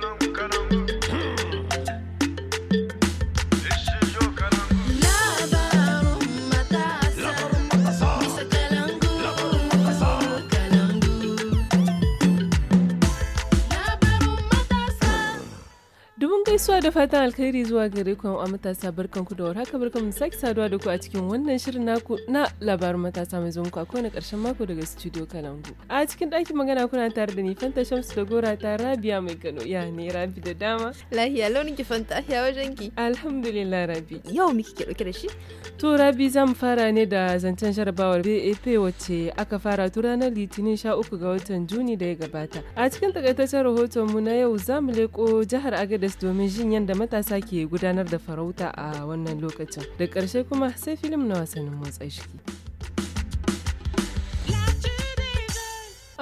caramba, caramba. gaisuwa da fatan alkhairi zuwa gare ku a matasa barkanku da barkan barkanmu sake saduwa da ku a cikin wannan shirin naku na labarin matasa mai zuwa ku a kowane karshen mako daga studio Kalangu. A cikin ɗakin magana kuna tare da ni Fanta Shamsu da Gora ta Rabia mai Kano ya ne Rabi da dama. Lahiya launin ki Fanta ya wajen ki. Alhamdulillah Rabi. Yau miki ke dauke da shi? To Rabi za mu fara ne da zancen jarabawar BAP wacce aka fara tu ranar Litinin sha uku ga watan Juni da ya gabata. A cikin takaitaccen rahoton mu na yau za mu leko jihar Agadez domin jin yadda matasa ke gudanar da farauta a wannan lokacin. Da karshe kuma sai filim na wasannin motsa shiki.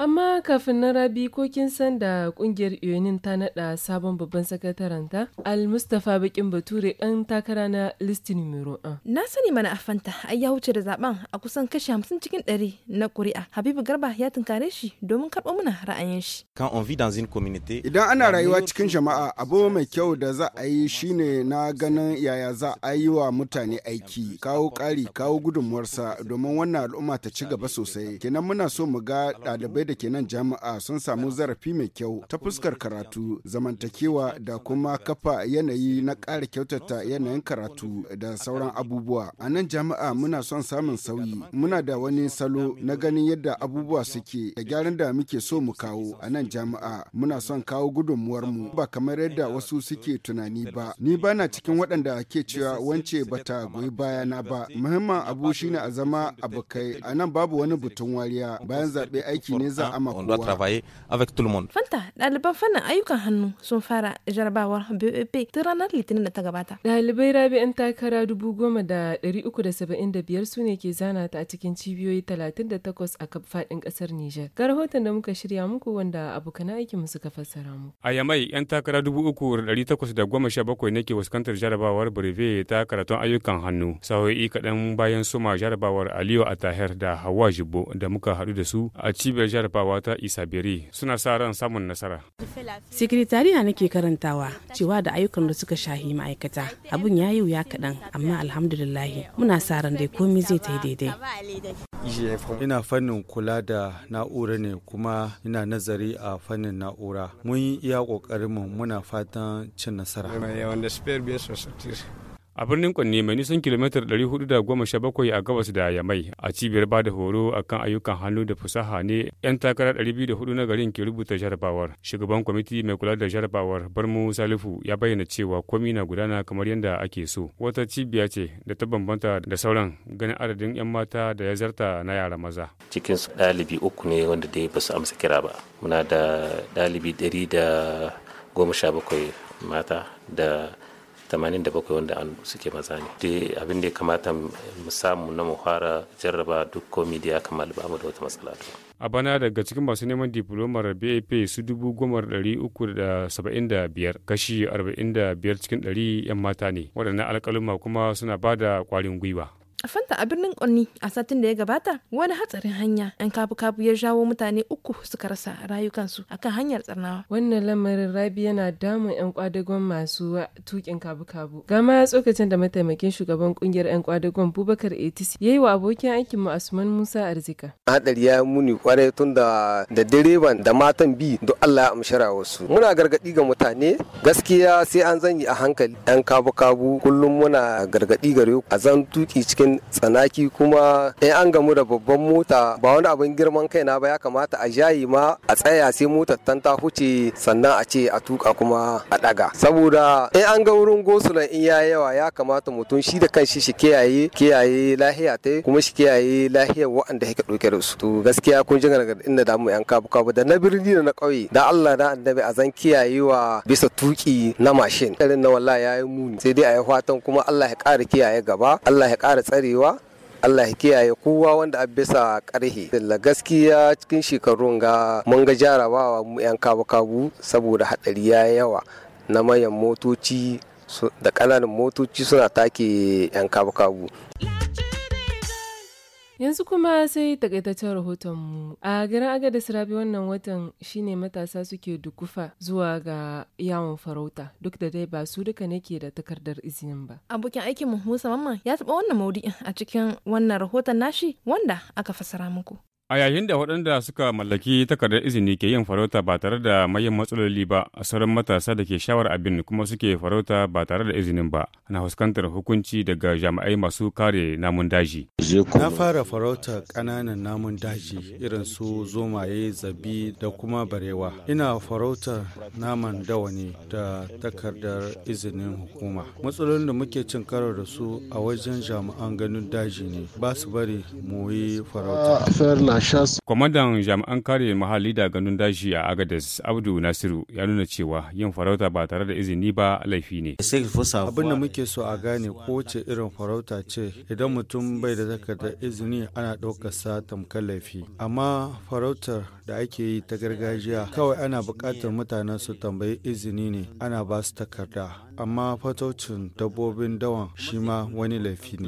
Amma kafin na rabi ko kin san da kungiyar UNIN ta naɗa sabon babban sakataranta Al mustafa Bakin Bature dan takara na listi numero 1. Na sani mana afanta ai ya wuce da zaben a kusan kashi 50 cikin 100 na kuri'a Habibu Garba ya tunkare shi domin karɓo mana ra'ayin shi. Kan on dans une communauté. Idan ana rayuwa cikin jama'a abu mai kyau da za a yi shine na ganin yaya za a yi wa mutane aiki kawo kari kawo gudunmuwarsa domin wannan al'umma ta ci gaba sosai. Kenan muna so mu ga ɗalibai da ke nan jami'a sun samu zarafi mai kyau ta fuskar karatu zamantakewa da kuma kafa yanayi na ƙara kyautata yanayin karatu da sauran abubuwa a nan jami'a muna son samun sauyi muna da wani salo na ganin yadda abubuwa suke da gyaran da muke so mu kawo a nan jami'a muna son kawo gudunmuwar mu ba kamar yadda wasu suke tunani ba ni ba na cikin waɗanda ke cewa wance bata goyi bayana ba muhimman abu shine a zama abokai a nan babu wani butun wariya bayan zaɓe aiki ne a On doit travailler avec tout le monde. Fanta, ɗaliban fannin ayyukan hannu sun fara jarabawar BEP ta ranar Litinin da ta gabata. Ɗalibai yan takara dubu goma da ɗari uku da saba'in da biyar su ne ke zana ta a cikin cibiyoyi talatin da takwas a faɗin ƙasar Nijar. Ga rahoton da muka shirya muku wanda abokan aikinmu suka fassara mu. A Yamai, 'yan takara dubu uku da ɗari takwas da goma sha bakwai ne ke fuskantar jarabawar Breve ta karatun ayyukan hannu. Sahoyi kaɗan bayan suma jarabawar Aliyu Atahir da Hawa Jibo da muka haɗu da su a cibiyar jarrabawa ta isa biri suna sa ran samun nasara. Sekretariya nake karantawa cewa da ayyukan da suka shahi ma'aikata abun ya yi wuya kaɗan amma alhamdulillahi muna sa ran dai komai zai ta daidai. Ina fannin kula da na'ura ne kuma ina nazari a fannin na'ura. Mun yi iya ƙoƙarinmu muna fatan cin nasara. a birnin kwanne mai nisan kilomita 417 a gabas da ya yamai a cibiyar ba da horo kan ayyukan hannu da fasaha ne 'yan takara 204 na garin ke rubuta jarabawar shugaban kwamiti mai kula da jarabawar mu salifu ya bayyana cewa komi na gudana kamar yadda ake so wata cibiya ce da ta bambanta da sauran ganin adadin 'yan mata da ya zarta na yara maza cikin su ɗalibi uku ne wanda dai ba su amsa kira ba muna da ɗalibi 117 mata da 87 wanda an suke maza ne da abin da ya kamata mu samu na mu fara jarraba duk komi da ya kamata ba mu da wata matsala a bana daga cikin masu neman diplomar bap su dubu gomar ɗari uku da saba'in da biyar kashi arba'in da biyar cikin ɗari yan mata ne waɗannan alƙaluma kuma suna ba da ƙwarin gwiwa a Fanta a birnin Onni a satin da ya gabata wani hatsarin hanya yan kabu-kabu ya jawo mutane uku suka rasa rayukansu akan hanyar tsarnawa. Wannan lamarin Rabi yana damun yan kwadagon masu tukin kabu-kabu. Gama ya tsokacin da mataimakin shugaban kungiyar yan kwadagon Bubakar Etis ya yi wa abokin aikin mu Asman Musa Arzika. Hadari ya muni kwarai tun da da direban da matan bi don Allah ya amshara wasu. Muna gargadi ga mutane gaskiya sai an zanyi a hankali yan kabu-kabu kullum muna gargadi gare ku a zan tuki cikin cikin tsanaki kuma in an gamu da babban mota ba wani abin girman kai na ba ya kamata a jayi ma a tsaya sai motar tan ta huce sannan a ce a tuka kuma a daga saboda in an ga wurin gosulan in ya yawa ya kamata mutum shi da kanshi shi kiyaye kiyaye lahiya ta kuma shi kiyaye lahiyar waɗanda yake ɗauke da su to gaskiya kun ji gargaɗi inda da mu yan kabu kabu da na birni da na ƙauye da Allah da annabi a zan kiyayewa bisa tuki na mashin irin na wallahi yayi muni sai dai a yi fatan kuma Allah ya ƙara kiyaye gaba Allah ya ƙara tsaye tsarewa Allah ya kiyaye kowa wanda a bisa karhe. Da gaskiya cikin shekarun ga mun ga jarabawa mu 'yan kabu-kabu saboda hadari ya yawa na mayan motoci da ƙananan motoci suna take 'yan kabu-kabu. Yanzu kuma sai takaitaccen rahotonmu. A garin Agadis Rabi wannan watan shine matasa suke dukufa zuwa ga yawon farauta duk da dai ba su duka ke da takardar izinin ba. Abokin aikin mu Musa mamma ya taɓa wannan maudu'in a cikin wannan rahoton nashi wanda aka fasara muku. A yayin da waɗanda suka mallaki takardar izini ke yin farauta ba tare da mayan matsaloli ba, a sauran matasa da ke shawar abin kuma suke farauta ba tare da izinin ba, na fuskantar hukunci daga jami'ai masu kare namun daji. Na fara farauta ƙananan namun daji irin su zomaye, zabi da kuma barewa. Ina farauta naman dawani da takardar izinin hukuma. Matsalolin da muke cin karo da su a wajen jami'an ganin daji ne, ba su bari mu yi farauta. Kwamandan jami'an kare muhalli da ganin daji a Agadez Abdu Nasiru ya nuna cewa yin farauta ba tare da izini ba laifi ne. Abin da muke so a gane kowace irin farauta ce idan mutum bai da takardar izini ana ɗaukar sa tamkar laifi. Amma farautar da ake yi ta gargajiya kawai ana buƙatar mutanen su tambayi izini ne ana ba su takarda. Amma fataucin dabbobin dawan shi ma wani laifi ne.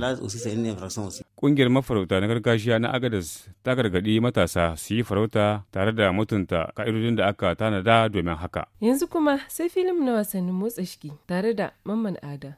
Ƙungiyar mafarauta na gargajiya na Agadez ta gargaɗi gargaɗi matasa su yi farauta tare da mutunta ka'idodin da aka tanada domin haka. Yanzu kuma sai filim na wasannin motsa shiki tare da Mamman Ada.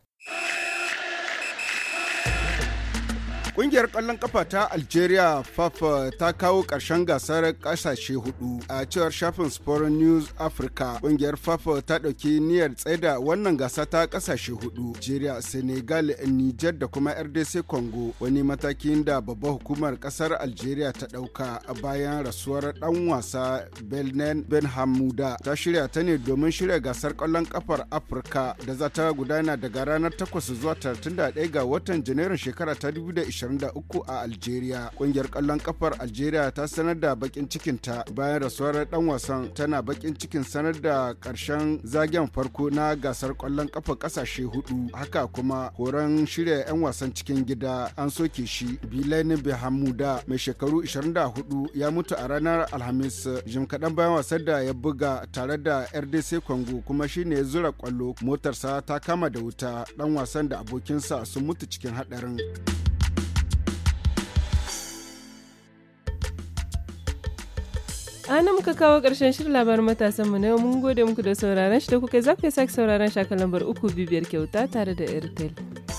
Ƙungiyar ƙwallon kafa ta Algeria Fafa ta kawo ƙarshen gasar ƙasashe hudu a cewar shafin Sport News Africa. Kungiyar Fafa ta ɗauki niyyar tsaida wannan gasa ta ƙasashe hudu, Algeria, Senegal, Niger da kuma RDC Congo wani matakin da babban hukumar ƙasar Algeria ta ɗauka bayan rasuwar ɗan wasa Belnen Ben Hamuda. Ta shirya ta ne domin shirya gasar ƙwallon kafar africa da za ta gudana daga ranar 8 zuwa 31 ga watan Janairun shekara ta 2020. 23 a Algeria. Kungiyar kallon kafar Algeria ta sanar da bakin cikinta bayan rasuwar dan wasan tana bakin cikin sanar da karshen zagen farko na gasar kwallon kafa kasashe hudu. Haka kuma horon shirya 'yan wasan cikin gida an soke shi. Bilaini Bihamuda mai shekaru 24 ya mutu a ranar Alhamis jim kaɗan bayan wasan da ya buga tare da RDC Congo kuma shine ya zura kwallo motarsa ta kama da wuta dan wasan da abokinsa sun mutu cikin haɗarin. ana muka kawo ƙarshen shirin labarin matasan mu na yau mun gode muku da sauraron shi da kuka zafi sake sauraron shakalambar uku bibiyar kyauta tare da airtel